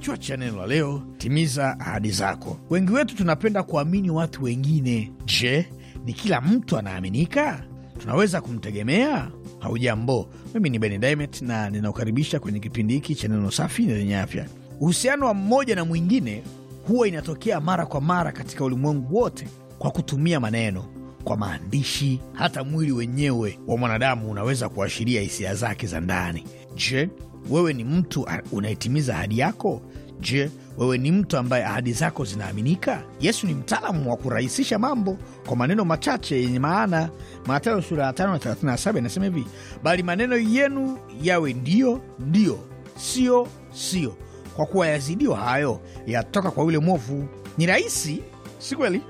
kichwa cha neno la leo, timiza ahadi zako. Wengi wetu tunapenda kuamini watu wengine. Je, ni kila mtu anaaminika? Tunaweza kumtegemea? Haujambo, mimi ni Ben Dimet na ninakukaribisha kwenye kipindi hiki cha neno safi na lenye afya. Uhusiano wa mmoja na mwingine huwa inatokea mara kwa mara katika ulimwengu wote, kwa kutumia maneno, kwa maandishi. Hata mwili wenyewe wa mwanadamu unaweza kuashiria hisia zake za ndani. Je, wewe ni mtu unayetimiza ahadi yako? Je, wewe ni mtu ambaye ahadi zako zinaaminika? Yesu ni mtaalamu wa kurahisisha mambo kwa maneno machache yenye maana. Mathayo sura ya 5 na 37 inasema hivi, bali maneno yenu yawe ndiyo ndiyo, sio sio, kwa kuwa yazidio hayo yatoka kwa yule mwovu. Ni rahisi, si kweli?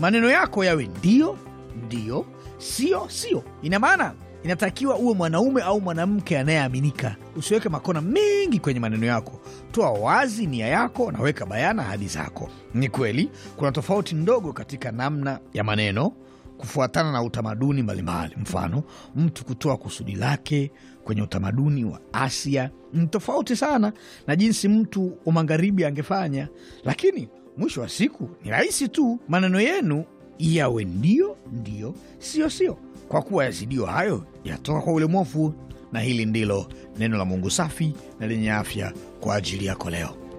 Maneno yako yawe ndiyo ndiyo, sio sio. Ina maana Inatakiwa uwe mwanaume au mwanamke anayeaminika. Usiweke makona mengi kwenye maneno yako, toa wazi nia yako na weka bayana ahadi zako. Ni kweli kuna tofauti ndogo katika namna ya maneno kufuatana na utamaduni mbalimbali. Mfano, mtu kutoa kusudi lake kwenye utamaduni wa Asia ni tofauti sana na jinsi mtu wa magharibi angefanya, lakini mwisho wa siku ni rahisi tu maneno yenu yawe ndio ndio, sio sio kwa kuwa yazidio hayo yatoka kwa ulemwofu. Na hili ndilo neno la Mungu safi na lenye afya kwa ajili yako leo.